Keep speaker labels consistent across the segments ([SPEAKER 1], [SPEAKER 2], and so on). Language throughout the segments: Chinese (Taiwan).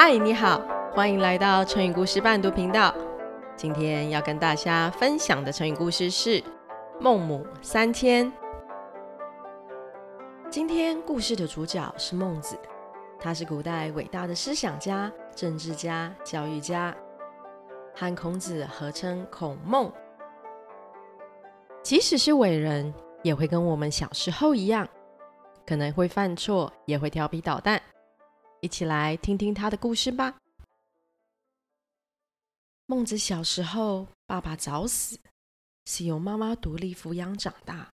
[SPEAKER 1] 嗨，Hi, 你好，歡迎來到成語故事伴讀頻道。今天要跟大家分享的成語故事是《孟母三遷》。今天故事的主角是孟子，他是古代偉大的思想家、政治家、教育家，和孔子合稱孔孟。即使是偉人，也會跟我們小時候一樣，可能會犯錯，也會調皮搗蛋。一起來聽聽他的故事吧。孟子小時候，爸爸早死，是由媽媽獨立撫養長大。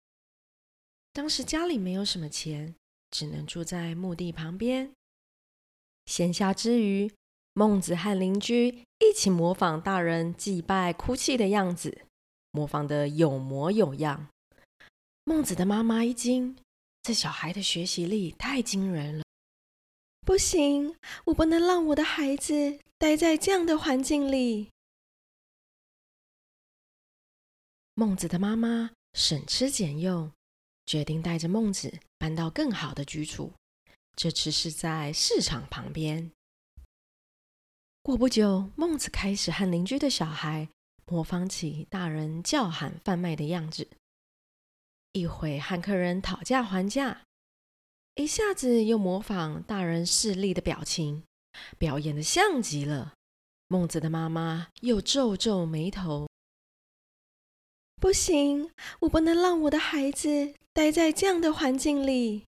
[SPEAKER 1] 當時家裡沒有什麼錢，只能住在墓地旁邊。閒暇之餘，孟子和鄰居一起模仿大人祭拜、哭泣的樣子，模仿得有模有樣。孟子的媽媽一驚：這小孩的學習力太驚人了。不行，我不能讓我的孩子待在這樣的環境裡。孟子的媽媽省吃儉用，決定帶着孟子搬到更好的居處，這次是在市場旁邊。過不久，孟子開始和鄰居的小孩模仿起大人叫喊販賣的樣子，一會和客人討價還價。一下子又模仿大人勢利的表情，表演得像極了。孟子的媽媽又皺皺眉頭，不行，我不能讓我的孩子待在這樣的環境裡。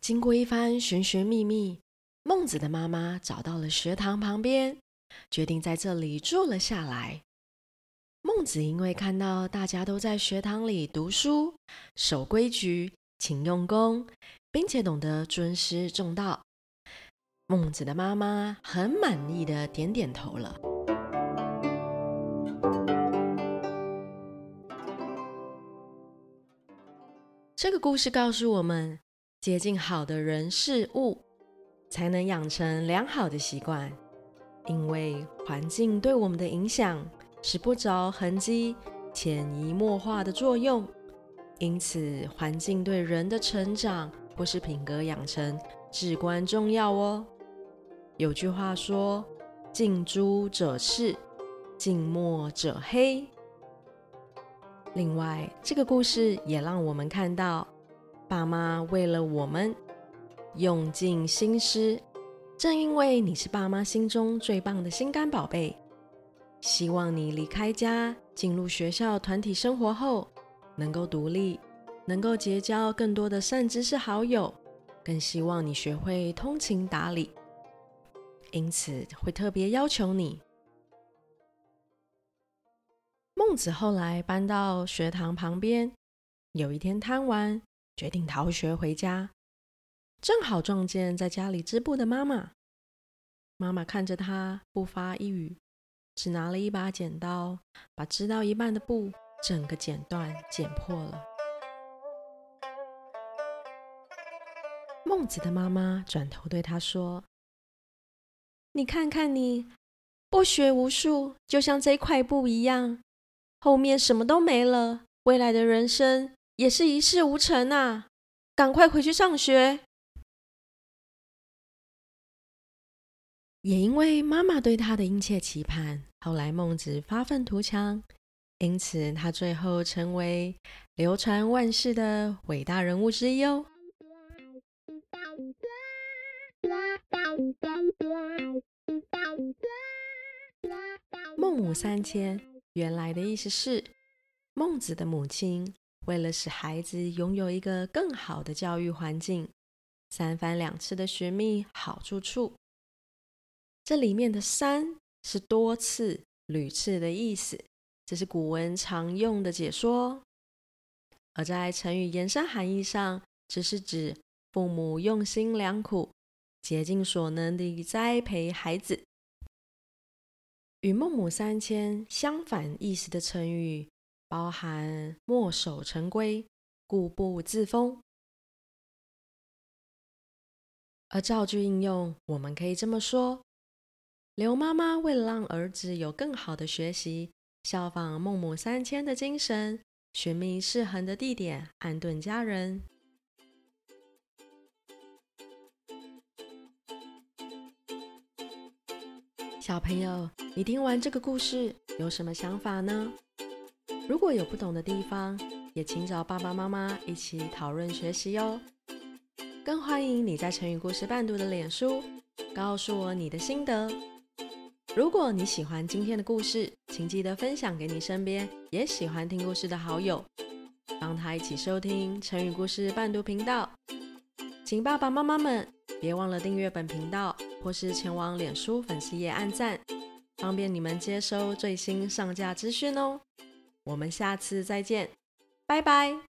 [SPEAKER 1] 經過一番尋尋覓覓，孟子的媽媽找到了學堂旁邊，決定在這裡住了下來。孟子因為看到大家都在學堂裡讀書，守規矩，勤用功，並且懂得尊師重道，孟子的媽媽很滿意的點點頭了。這個故事告訴我們：接近好的人事物，才能養成良好的習慣。因為環境對我們的影響，是不着痕跡、潛移默化的作用。因此，環境對人的成長或是品格養成至關重要哦。有句話說：“近朱者赤，近墨者黑。”另外，這個故事也讓我們看到，爸媽為了我們用盡心思。正因為你是爸媽心中最棒的心肝寶貝，希望你離開家，進入學校團體生活後，能夠獨立，能夠結交更多的善知識好友，更希望你學會通情達理。因此，會特別要求你。孟子後來搬到學堂旁邊，有一天貪玩，決定逃學回家，正好撞見在家裡織布的媽媽。媽媽看着他，不發一語，只拿了一把剪刀，把織到一半的布。整個剪斷，剪破了。孟子的媽媽轉頭對他說：“你看看你，不學無術，就像這塊布一樣，後面什麼都沒了，未來的人生也是一事無成啊！趕快回去上學。”也因為媽媽對他的殷切期盼，後來孟子發憤圖強。因此，他最後成為流傳萬世的偉大人物之一哦。孟母三遷，原來的意思是孟子的母親為了使孩子擁有一個更好的教育環境，三番兩次的尋覓好住處。這裡面的“三”是多次、屢次的意思。這是古文常用的解說哦，而在成語延伸含義上，只是指父母用心良苦、竭盡所能的栽培孩子。與“孟母三遷”相反意思的成語，包含墨守成規、固步自封。而造句應用，我們可以這麼說：劉媽媽為了讓兒子有更好的學習。效仿孟母三遷的精神，尋覓適合的地點安頓家人。小朋友，你聽完這個故事有什麼想法呢？如果有不懂的地方，也請找爸爸媽媽一起討論學習喲、哦。更歡迎你在成語故事伴讀的臉書，告訴我你的心得。如果你喜歡今天的故事，請記得分享給你身邊也喜歡聽故事的好友，幫他一起收聽成語故事伴讀頻道。請爸爸媽媽們別忘了訂閱本頻道，或是前往臉書粉絲頁按讚，方便你們接收最新上架資訊哦。我們下次再見，拜拜。